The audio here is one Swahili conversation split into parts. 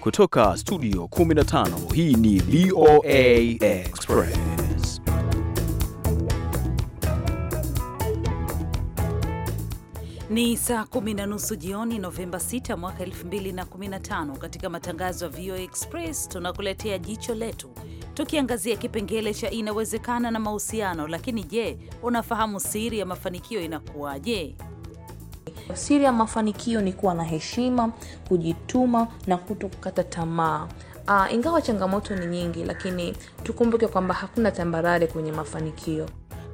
Kutoka studio 15 hii ni VOA Express. Ni saa kumi na nusu jioni Novemba 6 mwaka 2015. Katika matangazo ya VOA Express tunakuletea jicho letu tukiangazia kipengele cha inawezekana na mahusiano. Lakini je, unafahamu siri ya mafanikio inakuwaje? Siri ya mafanikio ni kuwa na heshima, kujituma na kutokukata tamaa. Uh, ingawa changamoto ni nyingi, lakini tukumbuke kwamba hakuna tambarare kwenye mafanikio.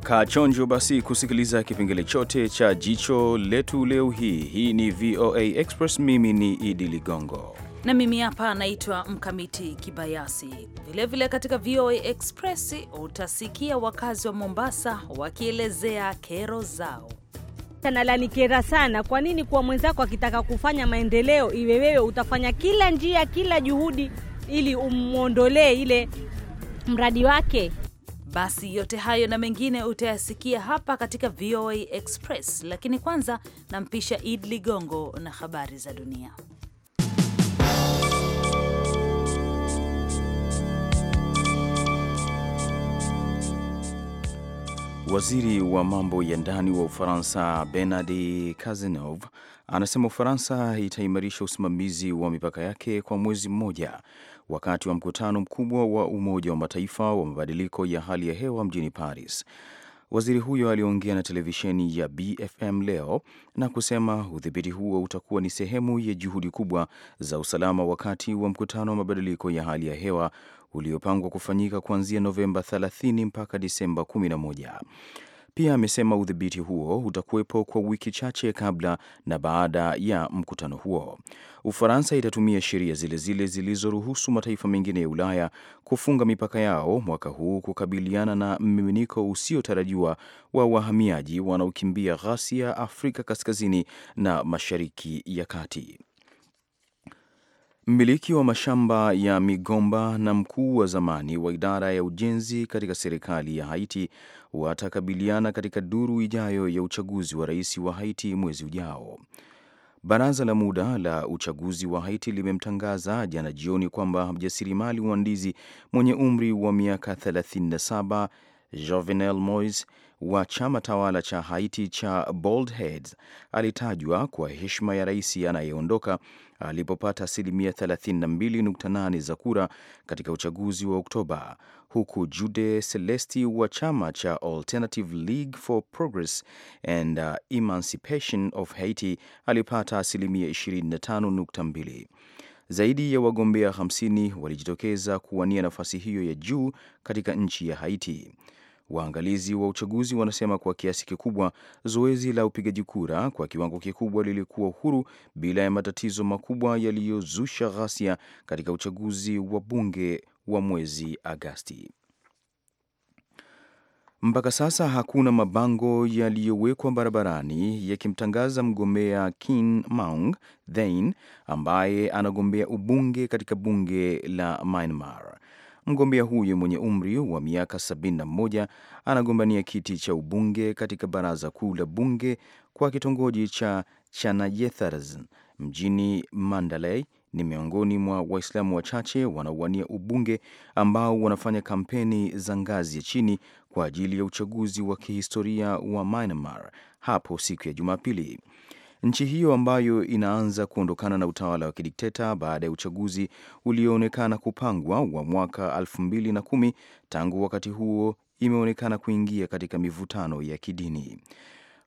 Kaa chonjo basi kusikiliza kipengele chote cha jicho letu leo hii. Hii ni VOA Express, mimi ni Idi Ligongo na mimi hapa naitwa Mkamiti Kibayasi. Vilevile katika VOA Express utasikia wakazi wa Mombasa wakielezea kero zao. Nalanikera sana. Kwa nini kuwa mwenzako akitaka kufanya maendeleo, iwe wewe utafanya kila njia, kila juhudi ili umwondolee ile mradi wake? Basi yote hayo na mengine utayasikia hapa katika VOA Express, lakini kwanza nampisha Id Ligongo na habari za dunia. Waziri wa mambo ya ndani wa Ufaransa Bernard Cazeneuve anasema Ufaransa itaimarisha usimamizi wa mipaka yake kwa mwezi mmoja wakati wa mkutano mkubwa wa Umoja wa Mataifa wa mabadiliko ya hali ya hewa mjini Paris. Waziri huyo aliongea na televisheni ya BFM leo na kusema udhibiti huo utakuwa ni sehemu ya juhudi kubwa za usalama wakati wa mkutano wa mabadiliko ya hali ya hewa uliopangwa kufanyika kuanzia Novemba 30 mpaka Disemba 11. Pia amesema udhibiti huo utakuwepo kwa wiki chache kabla na baada ya mkutano huo. Ufaransa itatumia sheria zile zile zilizoruhusu mataifa mengine ya Ulaya kufunga mipaka yao mwaka huu kukabiliana na mmiminiko usiotarajiwa wa wahamiaji wanaokimbia ghasia Afrika Kaskazini na Mashariki ya Kati. Mmiliki wa mashamba ya migomba na mkuu wa zamani wa idara ya ujenzi katika serikali ya Haiti watakabiliana katika duru ijayo ya uchaguzi wa rais wa Haiti mwezi ujao. Baraza la muda la uchaguzi wa Haiti limemtangaza jana jioni kwamba mjasirimali wa ndizi mwenye umri wa miaka 37 Jovenel Moise wa chama tawala cha Haiti cha Bald Heads alitajwa kwa heshima ya rais anayeondoka alipopata asilimia 32.8 za kura katika uchaguzi wa Oktoba, huku Jude Celesti wa chama cha Alternative League for Progress and uh, Emancipation of Haiti alipata asilimia 25.2. Zaidi ya wagombea 50 walijitokeza kuwania nafasi hiyo ya juu katika nchi ya Haiti. Waangalizi wa uchaguzi wanasema kwa kiasi kikubwa zoezi la upigaji kura kwa kiwango kikubwa lilikuwa huru bila ya matatizo makubwa yaliyozusha ghasia katika uchaguzi wa bunge wa mwezi Agasti. Mpaka sasa hakuna mabango yaliyowekwa barabarani yakimtangaza mgombea Kin Maung Thein ambaye anagombea ubunge katika bunge la Myanmar. Mgombea huyo mwenye umri wa miaka 71 anagombania kiti cha ubunge katika baraza kuu la bunge kwa kitongoji cha Chanayethars mjini Mandalay ni miongoni mwa Waislamu wachache wanaowania ubunge ambao wanafanya kampeni za ngazi ya chini kwa ajili ya uchaguzi wa kihistoria wa Myanmar hapo siku ya Jumapili. Nchi hiyo ambayo inaanza kuondokana na utawala wa kidikteta baada ya uchaguzi ulioonekana kupangwa wa mwaka 2010 tangu wakati huo imeonekana kuingia katika mivutano ya kidini.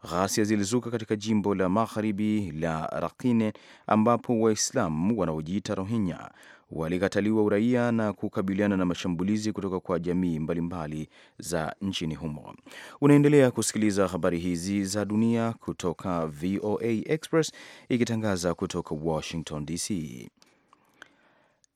Ghasia zilizuka katika jimbo la magharibi la Rakhine ambapo Waislamu wanaojiita Rohingya walikataliwa uraia na kukabiliana na mashambulizi kutoka kwa jamii mbalimbali mbali za nchini humo. Unaendelea kusikiliza habari hizi za dunia kutoka VOA Express ikitangaza kutoka Washington DC.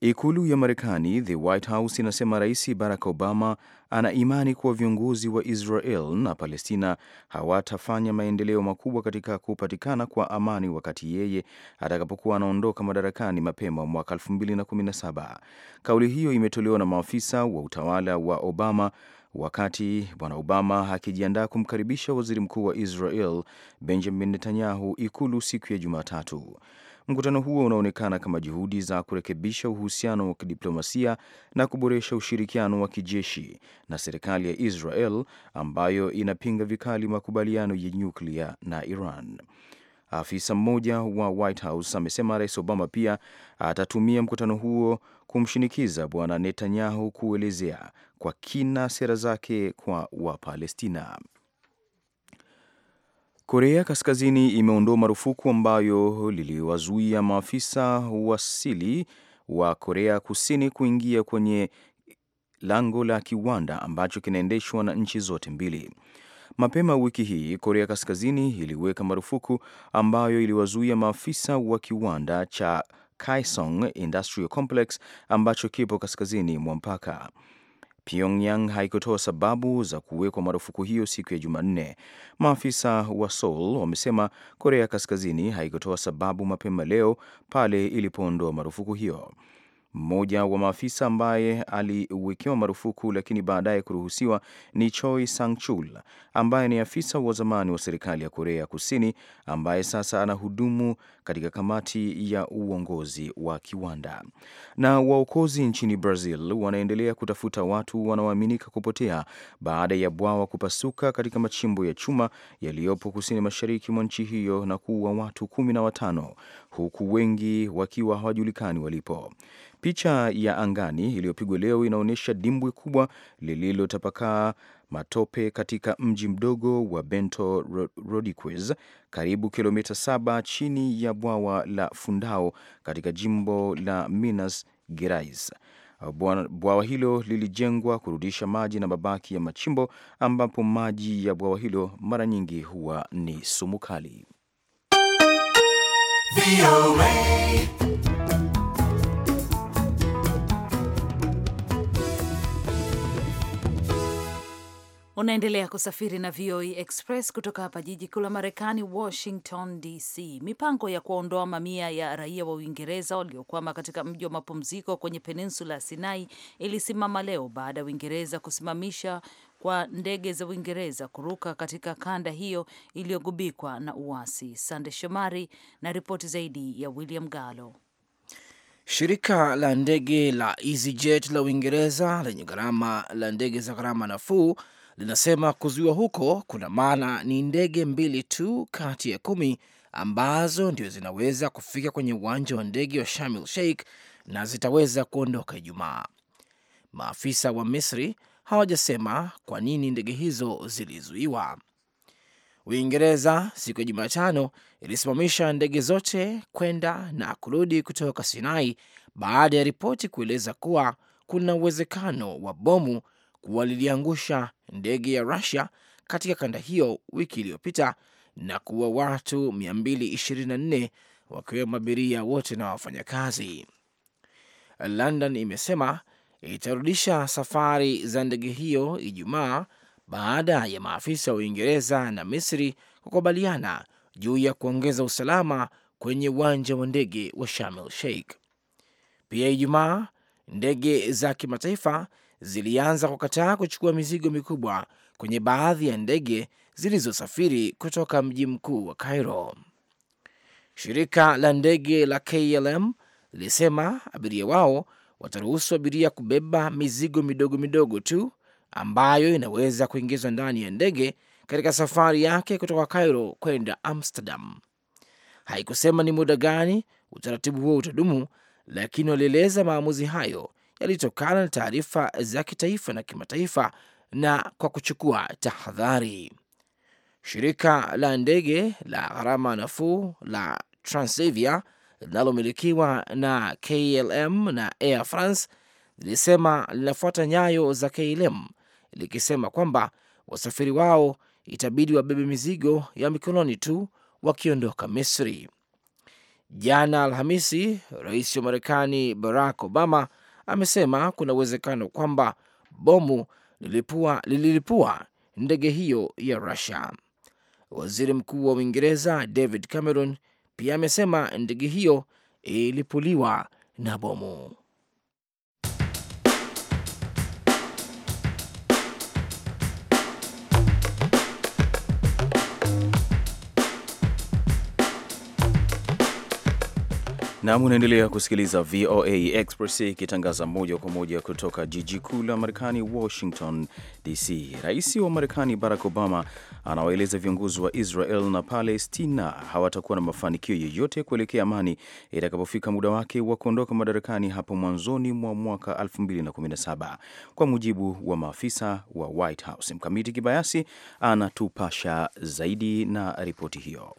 Ikulu ya Marekani, the White House, inasema Rais Barack Obama ana imani kuwa viongozi wa Israel na Palestina hawatafanya maendeleo makubwa katika kupatikana kwa amani wakati yeye atakapokuwa anaondoka madarakani mapema mwaka 2017. Kauli hiyo imetolewa na maafisa wa utawala wa Obama wakati Bwana Obama akijiandaa kumkaribisha Waziri Mkuu wa Israel Benjamin Netanyahu Ikulu siku ya Jumatatu. Mkutano huo unaonekana kama juhudi za kurekebisha uhusiano wa kidiplomasia na kuboresha ushirikiano wa kijeshi na serikali ya Israel ambayo inapinga vikali makubaliano ya nyuklia na Iran. Afisa mmoja wa White House amesema Rais Obama pia atatumia mkutano huo kumshinikiza Bwana Netanyahu kuelezea kwa kina sera zake kwa Wapalestina. Korea Kaskazini imeondoa marufuku ambayo liliwazuia maafisa wasili wa Korea Kusini kuingia kwenye lango la kiwanda ambacho kinaendeshwa na nchi zote mbili. Mapema wiki hii Korea Kaskazini iliweka marufuku ambayo iliwazuia maafisa wa kiwanda cha Kaesong Industrial Complex ambacho kipo kaskazini mwa mpaka. Pyongyang haikutoa sababu za kuwekwa marufuku hiyo siku ya Jumanne. Maafisa wa Seoul wamesema Korea Kaskazini haikutoa sababu mapema leo pale ilipoondoa marufuku hiyo. Mmoja wa maafisa ambaye aliwekewa marufuku lakini baadaye kuruhusiwa ni Choi Sang-chul ambaye ni afisa wa zamani wa serikali ya Korea Kusini ambaye sasa anahudumu katika kamati ya uongozi wa kiwanda. Na waokozi nchini Brazil wanaendelea kutafuta watu wanaoaminika kupotea baada ya bwawa kupasuka katika machimbo ya chuma yaliyopo kusini mashariki mwa nchi hiyo na kuua watu kumi na watano huku wengi wakiwa hawajulikani walipo. Picha ya angani iliyopigwa leo inaonyesha dimbwi kubwa lililotapakaa matope katika mji mdogo wa Bento Rodiques, karibu kilomita saba chini ya bwawa la Fundao katika jimbo la Minas Gerais. Bwawa hilo lilijengwa kurudisha maji na mabaki ya machimbo, ambapo maji ya bwawa hilo mara nyingi huwa ni sumu kali. Unaendelea kusafiri na VOA Express kutoka hapa jiji kuu la Marekani, Washington DC. Mipango ya kuwaondoa mamia ya raia wa Uingereza waliokwama katika mji wa mapumziko kwenye peninsula ya Sinai ilisimama leo baada ya Uingereza kusimamisha kwa ndege za Uingereza kuruka katika kanda hiyo iliyogubikwa na uasi. Sande Shomari na ripoti zaidi ya William Galo. Shirika la ndege la EasyJet la Uingereza lenye gharama la ndege za gharama nafuu linasema kuzuiwa huko kuna maana ni ndege mbili tu kati ya kumi ambazo ndio zinaweza kufika kwenye uwanja wa ndege wa Sharm Sheikh na zitaweza kuondoka Ijumaa. Maafisa wa Misri hawajasema kwa nini ndege hizo zilizuiwa. Uingereza siku ya Jumatano ilisimamisha ndege zote kwenda na kurudi kutoka Sinai baada ya ripoti kueleza kuwa kuna uwezekano wa bomu kuwa liliangusha ndege ya Rusia katika kanda hiyo wiki iliyopita na kuwa watu 224 wakiwemo abiria wote na wafanyakazi. London imesema itarudisha safari za ndege hiyo Ijumaa baada ya maafisa wa Uingereza na Misri kukubaliana juu ya kuongeza usalama kwenye uwanja wa ndege wa Sharm el Sheikh. Pia Ijumaa, ndege za kimataifa zilianza kukataa kuchukua mizigo mikubwa kwenye baadhi ya ndege zilizosafiri kutoka mji mkuu wa Cairo. Shirika la ndege la KLM lilisema abiria wao wataruhusu abiria kubeba mizigo midogo midogo tu ambayo inaweza kuingizwa ndani ya ndege katika safari yake kutoka Cairo kwenda Amsterdam. Haikusema ni muda gani utaratibu huo utadumu, lakini walieleza maamuzi hayo yalitokana na taarifa za kitaifa na kimataifa na kwa kuchukua tahadhari. Shirika la ndege la gharama nafuu la Transavia linalomilikiwa na KLM na Air France lilisema linafuata nyayo za KLM likisema kwamba wasafiri wao itabidi wabebe mizigo ya mikononi tu wakiondoka Misri. Jana Alhamisi, rais wa Marekani Barack Obama amesema kuna uwezekano kwamba bomu lililipua, lililipua ndege hiyo ya Russia. Waziri Mkuu wa Uingereza David Cameron pia amesema ndege hiyo ilipuliwa na bomu. Nam, unaendelea kusikiliza VOA Express ikitangaza moja kwa moja kutoka jiji kuu la Marekani, Washington DC. Rais wa Marekani Barack Obama anawaeleza viongozi wa Israel na Palestina hawatakuwa na mafanikio yoyote kuelekea amani itakapofika muda wake wa kuondoka madarakani hapo mwanzoni mwa mwaka 2017 kwa mujibu wa maafisa wa White House. Mkamiti Kibayasi anatupasha zaidi na ripoti hiyo.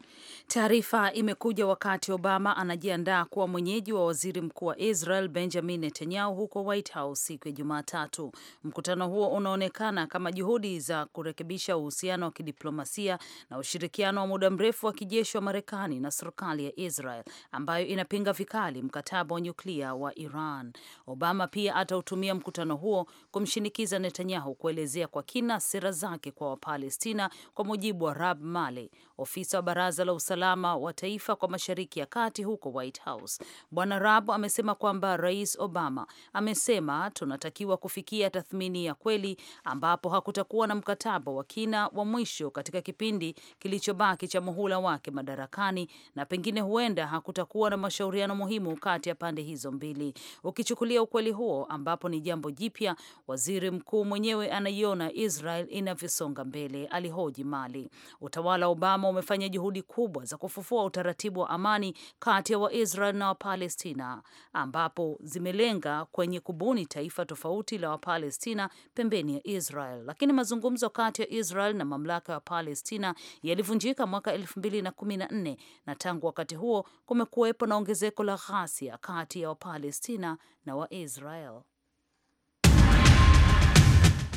Taarifa imekuja wakati Obama anajiandaa kuwa mwenyeji wa waziri mkuu wa Israel Benjamin Netanyahu huko White House siku ya Jumatatu. Mkutano huo unaonekana kama juhudi za kurekebisha uhusiano wa kidiplomasia na ushirikiano wa muda mrefu wa kijeshi wa Marekani na serikali ya Israel ambayo inapinga vikali mkataba wa nyuklia wa Iran. Obama pia atautumia mkutano huo kumshinikiza Netanyahu kuelezea kwa kina sera zake kwa Wapalestina, kwa mujibu wa Rab Male, Ofisa wa baraza la usalama wa taifa kwa mashariki ya kati huko White House Bwana Rab amesema kwamba Rais Obama amesema tunatakiwa kufikia tathmini ya kweli ambapo hakutakuwa na mkataba wa kina wa mwisho katika kipindi kilichobaki cha muhula wake madarakani, na pengine huenda hakutakuwa na mashauriano muhimu kati ya pande hizo mbili. Ukichukulia ukweli huo, ambapo ni jambo jipya, waziri mkuu mwenyewe anaiona Israel inavyosonga mbele, alihoji Mali. Utawala Obama kama umefanya juhudi kubwa za kufufua utaratibu wa amani kati ya Waisrael na Wapalestina, ambapo zimelenga kwenye kubuni taifa tofauti la Wapalestina pembeni ya Israel. Lakini mazungumzo kati ya Israel na mamlaka ya Palestina yalivunjika mwaka 2014 na tangu wakati huo kumekuwepo na ongezeko la ghasia kati ya Wapalestina na Waisrael.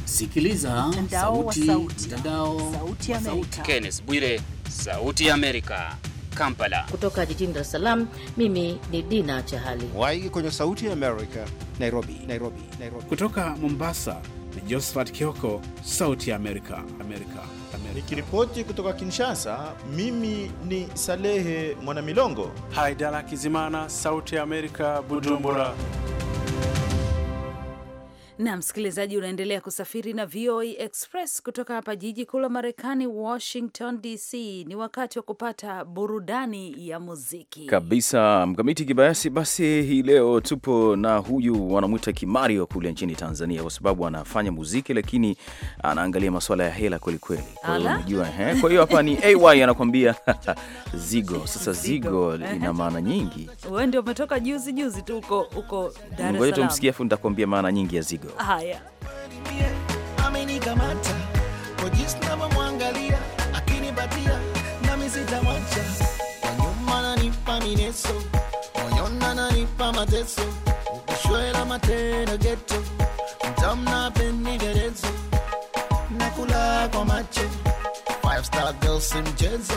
Sikiliza mtandao sauti, sauti ya Amerika. Kenneth Bwire, Sauti ya Amerika, Kampala. Kutoka jijini Dar es Salaam, mimi ni Dina Chahali. Waige kwenye Sauti ya Amerika, Nairobi, Nairobi, Nairobi. Kutoka Mombasa ni Josephat Kioko, Sauti ya Amerika, Amerika. Nikiripoti kutoka Kinshasa, mimi ni Salehe Mwanamilongo. Haidala Kizimana, Sauti ya Amerika, Bujumbura na msikilizaji, unaendelea kusafiri na VOA Express kutoka hapa jiji kuu la Marekani, Washington DC. Ni wakati wa kupata burudani ya muziki kabisa. Mkamiti Kibayasi, basi hii leo tupo na huyu wanamwita Kimario kule nchini Tanzania, kwa sababu anafanya muziki lakini anaangalia masuala ya hela kwelikweli. Unajua, eh, kwa hiyo hapa ni AY anakuambia zigo. Sasa zigo ina maana nyingi, wewe ndio umetoka juzi juzi tu uko uko Dar es Salaam. Ngoja tumsikie afu nitakwambia maana nyingi ya zigo kidogo. Haya, amenikamata kwa jinsi navyomwangalia, akinipatia nami sitamwacha, kwa nyuma nanipa mineso, moyoni ananipa mateso, ukishwela matena geto, mtamna penderezo, nakula kwa macho, five star girl si mchezo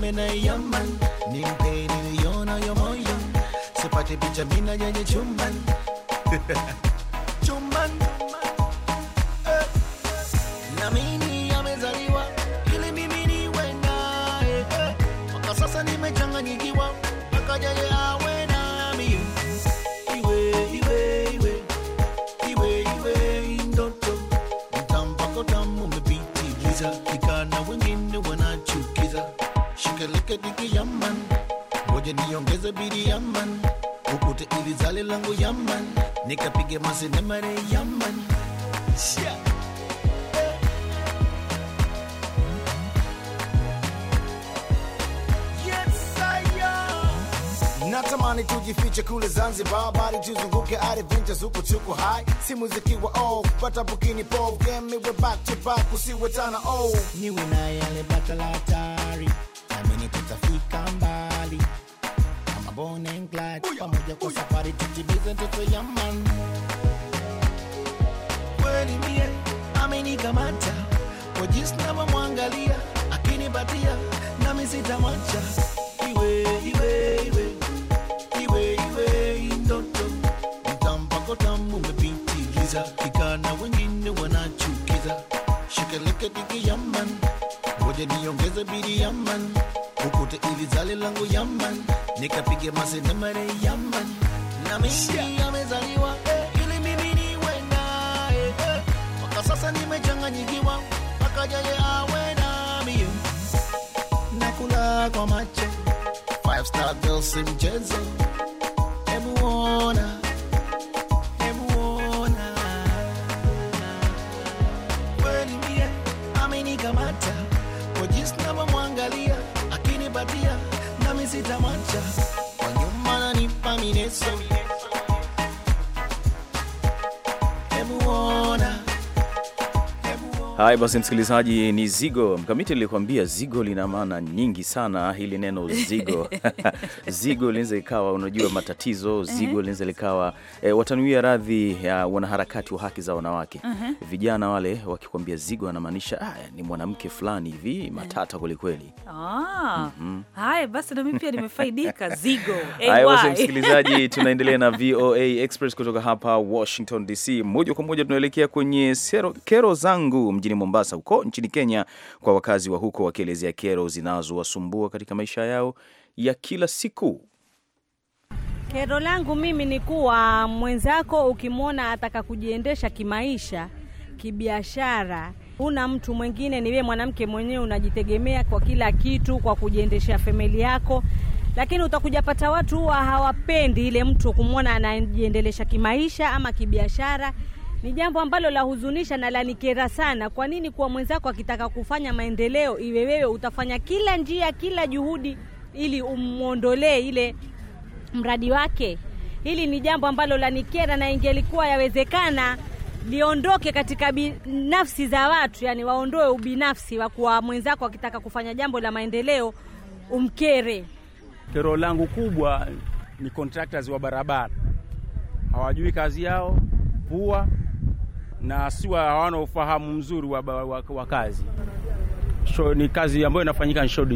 Yaman, amenaiaman ni mtei niliona yomoyo sipati picha mina yenye chumban shikalika diki yaman, ngoja niongeze bidi yaman, ukute ili zale langu yaman, nikapige masinema re yaman yeah. Natamani tujifiche kule Zanzibar, bali tuzunguke adventures huko, tuko high, si muziki wa off, pata bukini pop game, we back to back, usiwe tana oh, niwe na yale bata la hatari tutafika mbali kama Bonnie Clyde pamoja kwa safari tutimize ndoto ya man. Kweli mie amenikamata kwa jinsi navyomwangalia akinipatia nami sitamwacha iwe iwe iwe iwe iwe ndoto mtampako tamu umepitiliza kikana wengine wanachukiza shikeleke tiki ya man ngoja niongeze bidi yaman, ukute ili zale langu yaman, nikapige mase na mare yaman, na mimi amezaliwa eh, ili mimi niwe naye eh, mpaka sasa nimechanganyikiwa, mpaka awe nami, nakula kwa macho, five star girls si hebu ona nitamwacha, i nanipa mineso Haya basi, msikilizaji, ni zigo mkamiti. Nilikuambia zigo lina maana nyingi sana, hili neno zigo zigo linaweza ikawa, unajua matatizo, zigo linaweza likawa mhm. e, eh, watanuia radhi ya wanaharakati wa haki za wanawake uh mhm. -huh. Vijana wale wakikwambia zigo, anamaanisha ah, ni mwanamke fulani hivi eh. matata kwelikweli. Ah. Mhm. Haya basi, nami pia nimefaidika zigo. Haya basi, msikilizaji, tunaendelea na VOA Express kutoka hapa Washington DC, moja kwa moja tunaelekea kwenye kero zangu mjini mjini Mombasa huko nchini Kenya, kwa wakazi wa huko wakielezea kero zinazowasumbua katika maisha yao ya kila siku. Kero langu mimi ni kuwa mwenzako ukimwona ataka kujiendesha kimaisha, kibiashara, huna mtu mwingine, ni wewe mwanamke mwenyewe unajitegemea kwa kila kitu, kwa kujiendesha famili yako, lakini utakuja pata watu huwa hawapendi ile mtu kumwona anajiendelesha kimaisha ama kibiashara ni jambo ambalo la huzunisha na lanikera sana. Kwa nini kuwa mwenzako akitaka kufanya maendeleo, iwe wewe utafanya kila njia, kila juhudi ili umwondolee ile mradi wake? Hili ni jambo ambalo lanikera, na ingelikuwa yawezekana liondoke katika binafsi za watu, yani waondoe ubinafsi wa kuwa mwenzako akitaka kufanya jambo la maendeleo umkere. Kero langu kubwa ni contractors wa barabara, hawajui kazi yao pua na siwa hawana ufahamu mzuri wa, wa, wa, wa kazi ni kazi ambayo inafanyika short,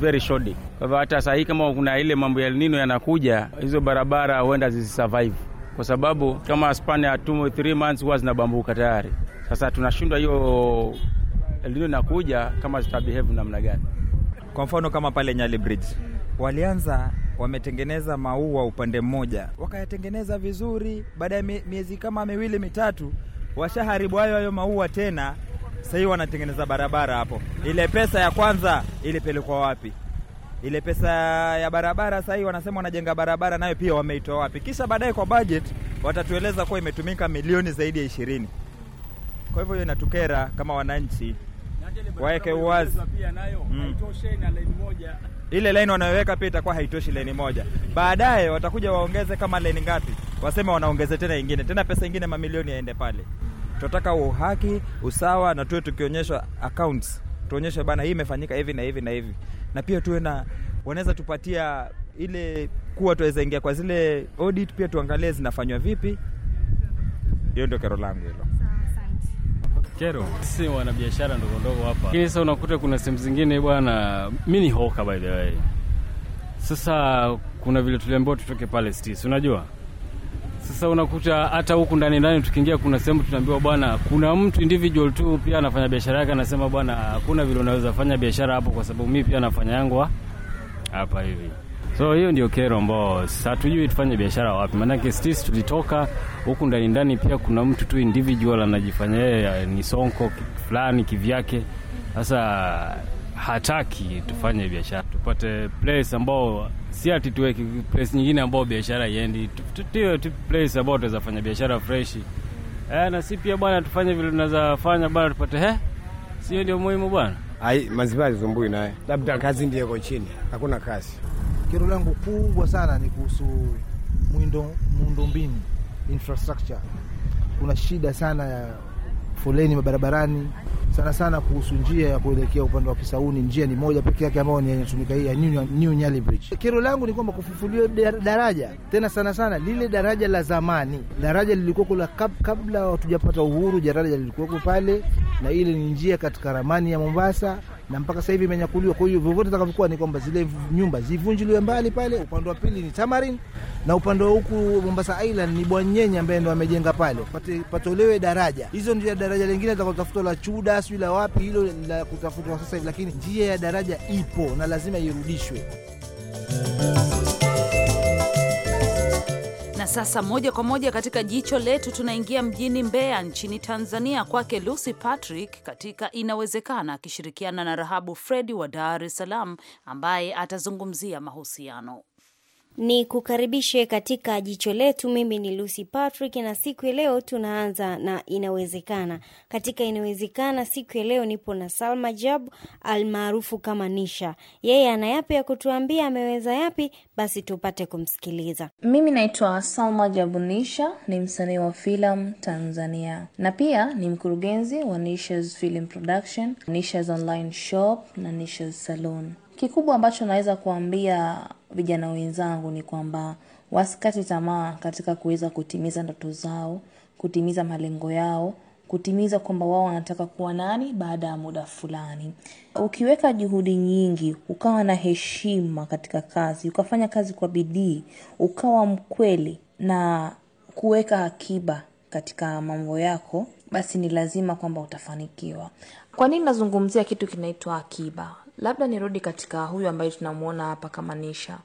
very shodi. Kwa hivyo hata sahii kama kuna ile mambo ya lnino yanakuja, hizo barabara huenda zisisurvive kwa sababu kama spani ya 3 months huwa zinabambuka tayari. Sasa tunashindwa hiyo El inakuja kama zitabehave namna gani? Kwa mfano kama pale Nyali Bridge walianza wametengeneza maua upande mmoja, wakayatengeneza vizuri, baada ya miezi kama miwili mitatu washaharibu hayo hayo maua tena. sahii wanatengeneza barabara hapo. Ile pesa ya kwanza ilipelekwa wapi? Ile pesa ya barabara sahii wanasema wanajenga barabara, nayo pia wameitoa wapi? Kisha baadaye kwa budget watatueleza kuwa imetumika milioni zaidi ya ishirini. Kwa hivyo hiyo inatukera kama wananchi, waweke uwazi mm. Ile laini wanayoweka pia itakuwa haitoshi laini moja, baadaye watakuja waongeze kama laini ngapi, waseme wanaongeze tena ingine, tena pesa ingine mamilioni yaende pale tunataka uhaki, usawa na tuwe tukionyeshwa accounts, tuonyeshe bana, hii imefanyika hivi na hivi na hivi, na pia tuwe na wanaweza tupatia ile kuwa tuweza ingia kwa zile audit, pia tuangalie zinafanywa vipi. Hiyo ndio kero langu hilo. Kero si wanabiashara ndogo ndogo hapa, lakini sasa unakuta kuna sehemu zingine bwana, mi ni hoka by the way. Sasa kuna vile tuliambiwa tutoke pale stis, unajua sasa unakuta hata huku ndani ndani tukiingia, kuna sehemu tunaambiwa, bwana, kuna mtu individual tu pia anafanya biashara yake, anasema bwana, hakuna vile unaweza fanya biashara hapo, kwa sababu mimi pia nafanya yangu hapa hivi. So hiyo ndio kero ambao hatujui tufanye biashara wapi, maanake sisi tulitoka huku ndani ndani, pia kuna mtu tu individual anajifanya yeye ni sonko fulani kivyake. Sasa hataki tufanye biashara, tupate place ambao si ati tuweke place nyingine ambao biashara iendi, tutiwe place ambao tunaweza fanya biashara freshi eh, na si pia bwana, tufanye vile tunaweza fanya bwana, tupate he, eh? sio ndio muhimu bwana. Ai, maziwa zumbui naye, labda kazi ndio iko chini, hakuna kazi. Kero langu kubwa sana ni kuhusu mwindo miundombinu, infrastructure. Kuna shida sana ya foleni mabarabarani sana sana kuhusu njia ya kuelekea upande wa Kisauni. Njia ni moja pekee yake ambayo inatumika hii ya New, New Nyali Bridge. Kero langu ni kwamba kufufuliwa daraja tena, sana sana lile daraja la zamani. Daraja lilikuwa kula kabla hatujapata uhuru, daraja lilikuwa pale na ile ni njia katika ramani ya Mombasa na mpaka sasa hivi imenyakuliwa. Kwa hiyo vyovyote takavyokuwa, ni kwamba zile nyumba zivunjiliwe mbali pale. Upande wa pili ni Tamarin na upande wa huku Mombasa Island ni Bwanyenye ambaye ndo amejenga pale, patolewe daraja. Hizo ndio daraja lingine takutafuta la Chuda sijui la wapi, hilo la kutafutwa sasa hivi, lakini njia ya daraja ipo na lazima irudishwe. Na sasa moja kwa moja katika jicho letu tunaingia mjini Mbeya nchini Tanzania, kwake Lucy Patrick katika Inawezekana, akishirikiana na Rahabu Fredi wa Dar es Salaam ambaye atazungumzia mahusiano. Ni kukaribishe katika jicho letu. Mimi ni Lucy Patrick na siku ya leo tunaanza na inawezekana. Katika inawezekana siku ya leo nipo na Salma Jab almaarufu kama Nisha. Yeye ana yapi ya kutuambia, ameweza yapi? Basi tupate kumsikiliza. Mimi naitwa Salma Jabu Nisha, ni msanii wa filam Tanzania na pia ni mkurugenzi wa Nisha's Film Production, Nisha's Online Shop na Nisha's Salon. Kikubwa ambacho naweza kuambia vijana wenzangu ni kwamba wasikate tamaa katika kuweza kutimiza ndoto zao, kutimiza malengo yao, kutimiza kwamba wao wanataka kuwa nani baada ya muda fulani. Ukiweka juhudi nyingi, ukawa na heshima katika kazi, ukafanya kazi kwa bidii, ukawa mkweli na kuweka akiba katika mambo yako, basi ni lazima kwamba utafanikiwa. Kwa nini nazungumzia kitu kinaitwa akiba? Labda nirudi katika huyu ambaye tunamuona hapa kama Nisha.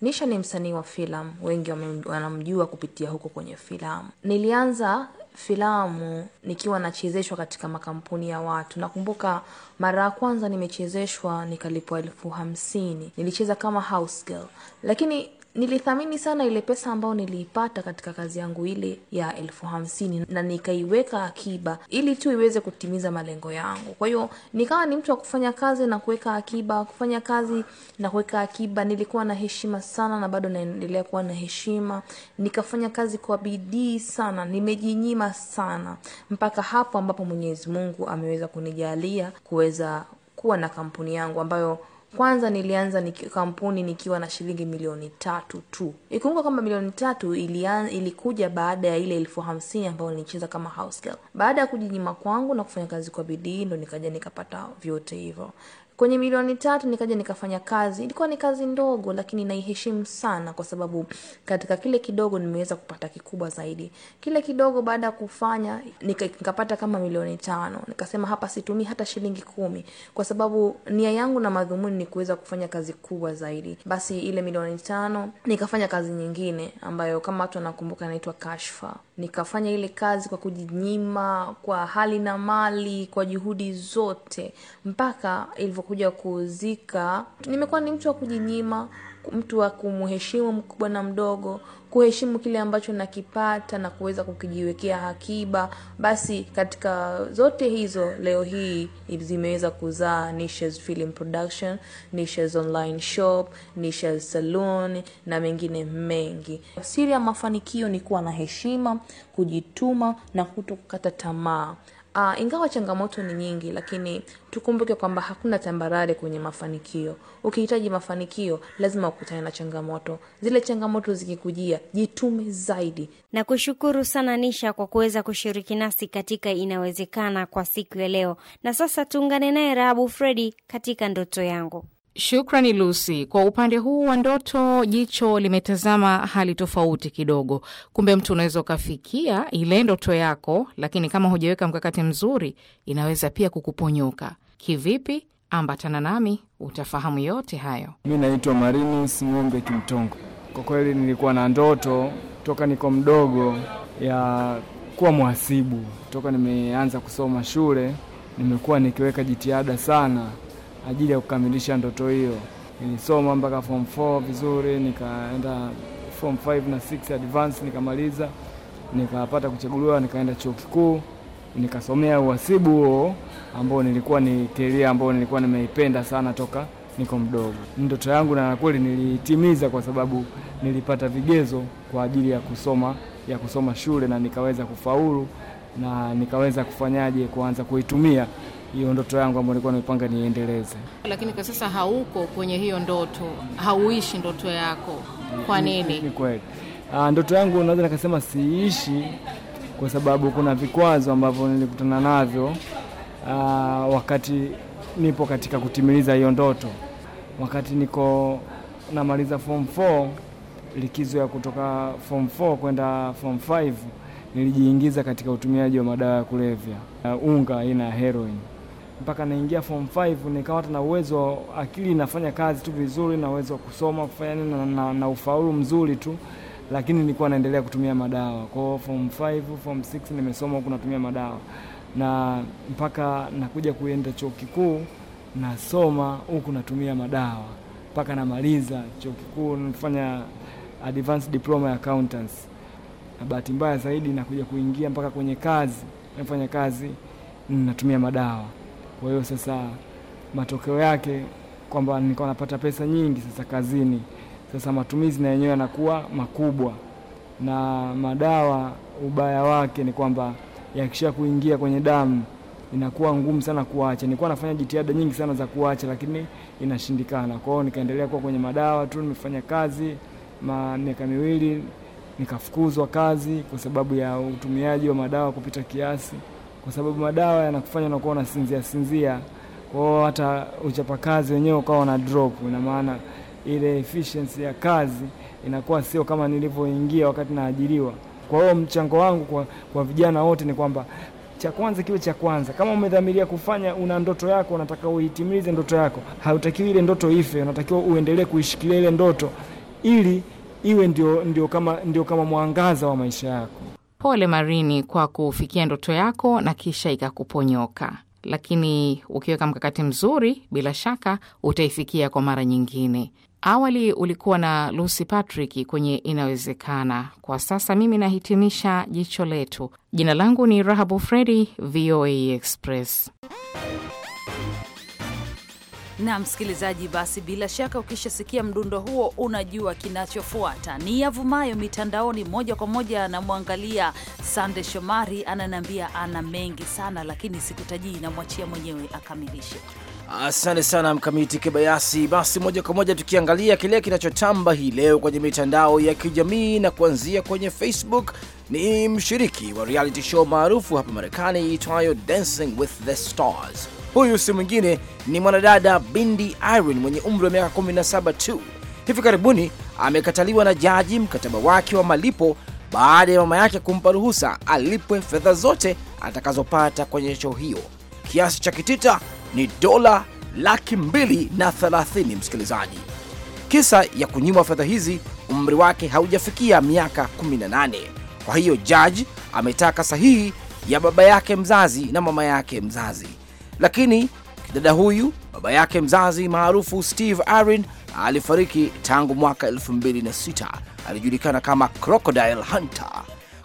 Nisha ni msanii wa filamu, wengi wanamjua kupitia huko kwenye filamu. Nilianza filamu nikiwa nachezeshwa katika makampuni ya watu. Nakumbuka mara ya kwanza nimechezeshwa nikalipwa elfu hamsini. Nilicheza kama house girl, lakini nilithamini sana ile pesa ambayo niliipata katika kazi yangu ile ya elfu hamsini na nikaiweka akiba ili tu iweze kutimiza malengo yangu kwa hiyo nikawa ni mtu wa kufanya kazi na kuweka akiba kufanya kazi na kuweka akiba nilikuwa na heshima sana na bado naendelea kuwa na heshima nikafanya kazi kwa bidii sana nimejinyima sana mpaka hapo ambapo mwenyezi mungu ameweza kunijalia kuweza kuwa na kampuni yangu ambayo kwanza nilianza ni kampuni nikiwa na shilingi milioni tatu tu ikumbuka kwamba milioni tatu ilian, ilikuja baada ya ile elfu hamsini ambayo nilicheza kama house girl baada ya kujinyima kwangu na kufanya kazi kwa bidii ndo nikaja nikapata vyote hivyo kwenye milioni tatu nikaja nikafanya kazi ilikuwa ni kazi ndogo lakini naiheshimu sana kwa sababu katika kile kidogo nimeweza kupata kikubwa zaidi kile kidogo baada ya kufanya nikapata kama milioni tano nikasema hapa situmii hata shilingi kumi kwa sababu nia yangu na madhumuni ni kuweza kufanya kazi kubwa zaidi basi ile milioni tano nikafanya kazi nyingine ambayo kama watu wanakumbuka naitwa kashfa nikafanya ile kazi kwa kujinyima kwa hali na mali kwa juhudi zote mpaka ilivyo kuja kuuzika. Nimekuwa ni mtu wa kujinyima, mtu wa kumheshimu mkubwa na mdogo, kuheshimu kile ambacho nakipata na kuweza kukijiwekea akiba. Basi katika zote hizo, leo hii zimeweza kuzaa Nisha's Film Production, Nisha's Online Shop, Nisha's Salon na mengine mengi. Siri ya mafanikio ni kuwa na heshima, kujituma na kukata tamaa. Uh, ingawa changamoto ni nyingi, lakini tukumbuke kwamba hakuna tambarare kwenye mafanikio. Ukihitaji mafanikio, lazima ukutane na changamoto. Zile changamoto zikikujia, jitume zaidi. Na kushukuru sana Nisha kwa kuweza kushiriki nasi katika Inawezekana kwa siku ya leo. Na sasa tuungane naye Rahabu Fredi katika Ndoto Yangu. Shukrani Lucy. Kwa upande huu wa ndoto, jicho limetazama hali tofauti kidogo. Kumbe mtu unaweza ukafikia ile ndoto yako, lakini kama hujaweka mkakati mzuri, inaweza pia kukuponyoka. Kivipi? Ambatana nami utafahamu yote hayo. Mi naitwa Marinus Ng'ombe Kimtongo. Kwa kweli nilikuwa na ndoto toka niko mdogo ya kuwa mhasibu. Toka nimeanza kusoma shule, nimekuwa nikiweka jitihada sana ajili ya kukamilisha ndoto hiyo. Nilisoma mpaka form 4 vizuri, nikaenda form 5 na 6 advance nikamaliza, nikapata kuchaguliwa, nikaenda chuo kikuu nikasomea uhasibu huo ambao nilikuwa ni kelia ambao nilikuwa nimeipenda sana toka niko mdogo. Ndoto yangu na kweli nilitimiza, kwa sababu nilipata vigezo kwa ajili ya kusoma ya kusoma shule na nikaweza kufaulu na nikaweza kufanyaje kuanza kuitumia hiyo ndoto yangu ambayo nilikuwa nimepanga niendeleze. Lakini kwa sasa hauko kwenye hiyo ndoto, hauishi ndoto yako, kwa nini? Ni kweli ah, ndoto yangu naweza nikasema siishi kwa sababu kuna vikwazo ambavyo nilikutana navyo ah, wakati nipo katika kutimiliza hiyo ndoto. Wakati niko namaliza form 4 likizo ya kutoka form 4 kwenda form 5 nilijiingiza katika utumiaji wa madawa ya kulevya, ah, unga aina ya heroin mpaka naingia form 5 nikawa na uwezo, akili inafanya kazi tu vizuri, na uwezo wa kusoma kufanya nini na, na, na ufaulu mzuri tu, lakini nilikuwa naendelea kutumia madawa. Kwa hiyo form 5, form 6 nimesoma huku natumia madawa, na mpaka nakuja kuenda chuo kikuu nasoma huku natumia madawa mpaka namaliza chuo kikuu, nafanya advanced diploma ya accountants, na bahati mbaya zaidi nakuja kuingia mpaka kwenye kazi, nafanya kazi natumia madawa. Kwa hiyo sasa matokeo yake kwamba nilikuwa napata pesa nyingi sasa kazini. Sasa matumizi na yenyewe yanakuwa makubwa, na madawa ubaya wake ni kwamba yakisha kuingia kwenye damu inakuwa ngumu sana kuacha. Nilikuwa nafanya jitihada nyingi sana za kuacha, lakini inashindikana. kwao nikaendelea kuwa kwenye madawa tu. Nimefanya kazi miaka miwili, nikafukuzwa kazi kwa sababu ya utumiaji wa madawa kupita kiasi kwa sababu madawa yanakufanya unakuwa unasinzia sinzia, kwao hata uchapakazi wenyewe ukawa na drop. Ina maana ile efficiency ya kazi inakuwa sio kama nilivyoingia wakati naajiriwa. Kwa hiyo mchango wangu kwa, kwa vijana wote ni kwamba cha kwanza kiwe cha kwanza. Kama umedhamiria kufanya, una ndoto yako, unataka uitimilize ndoto yako, hautakiwi ile ndoto ife, unatakiwa uendelee kuishikilia ile ndoto ili iwe ndio, ndio, kama, ndio kama mwangaza wa maisha yako. Pole Marini kwa kufikia ndoto yako na kisha ikakuponyoka, lakini ukiweka mkakati mzuri, bila shaka utaifikia kwa mara nyingine. Awali ulikuwa na Lucy Patrick kwenye Inawezekana. Kwa sasa mimi nahitimisha jicho letu. Jina langu ni Rahabu Fredi, VOA Express. Na msikilizaji, basi bila shaka ukishasikia mdundo huo unajua kinachofuata ni yavumayo mitandaoni moja kwa moja. Anamwangalia Sande Shomari, ananiambia ana mengi sana, lakini sikutajii, namwachia mwenyewe akamilishe. Asante sana Mkamiti Kibayasi. Basi moja kwa moja tukiangalia kile kinachotamba hii leo kwenye mitandao ya kijamii, na kuanzia kwenye Facebook ni mshiriki wa reality show maarufu hapa Marekani itwayo Dancing with the Stars Huyu si mwingine ni mwanadada Bindi Irene mwenye umri wa miaka 17 tu. Hivi karibuni amekataliwa na jaji mkataba wake wa malipo baada ya mama yake kumpa ruhusa alipwe fedha zote atakazopata kwenye show hiyo. Kiasi cha kitita ni dola laki mbili na thelathini. Msikilizaji, kisa ya kunyimwa fedha hizi, umri wake haujafikia miaka 18. Kwa hiyo jaji ametaka sahihi ya baba yake mzazi na mama yake mzazi lakini dada huyu baba yake mzazi maarufu Steve Irwin alifariki tangu mwaka 2006. Alijulikana kama Crocodile Hunter.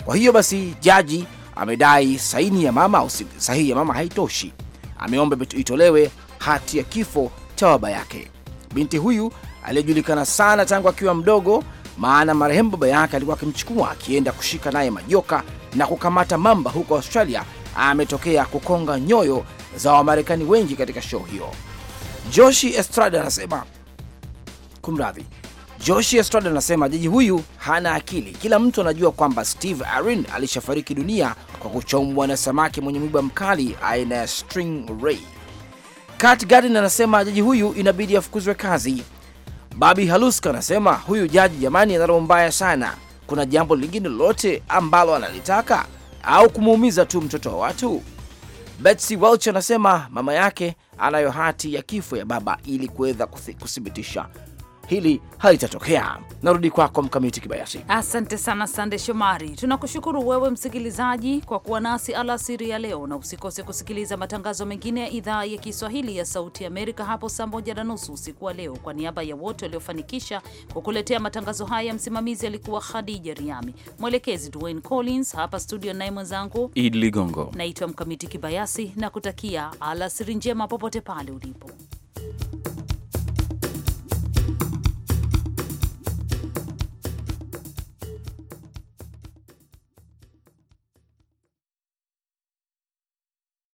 Kwa hiyo basi, jaji amedai saini ya mama au sahihi ya mama haitoshi. Ameomba itolewe hati ya kifo cha baba yake. Binti huyu aliyejulikana sana tangu akiwa mdogo, maana marehemu baba yake alikuwa akimchukua akienda kushika naye majoka na kukamata mamba huko Australia, ametokea kukonga nyoyo za Wamarekani wengi katika show hiyo. Joshi Estrada anasema kumradhi, Joshi Estrada anasema jaji huyu hana akili. Kila mtu anajua kwamba Steve Arin alishafariki dunia kwa kuchomwa na samaki mwenye mwiba mkali aina ya ray. Kat Garden anasema jaji huyu inabidi afukuzwe kazi. Babi Haluska anasema huyu jaji jamani, ana roho mbaya sana. Kuna jambo lingine lolote ambalo analitaka au kumuumiza tu mtoto wa watu? Betsy Welch anasema mama yake anayo hati ya kifo ya baba ili kuweza kuthibitisha hili halitatokea. Narudi kwako Mkamiti Kibayasi. Asante sana Sande Shomari. Tunakushukuru wewe msikilizaji kwa kuwa nasi alasiri ya leo, na usikose kusikiliza matangazo mengine ya idhaa ya Kiswahili ya Sauti Amerika hapo saa moja na nusu usiku wa leo. Kwa niaba ya wote waliofanikisha kukuletea matangazo haya, msimamizi alikuwa Khadija Riami, mwelekezi Dwayne Collins, hapa studio naye mwenzangu Idi Ligongo. Naitwa Mkamiti Kibayasi na kutakia alasiri njema popote pale ulipo.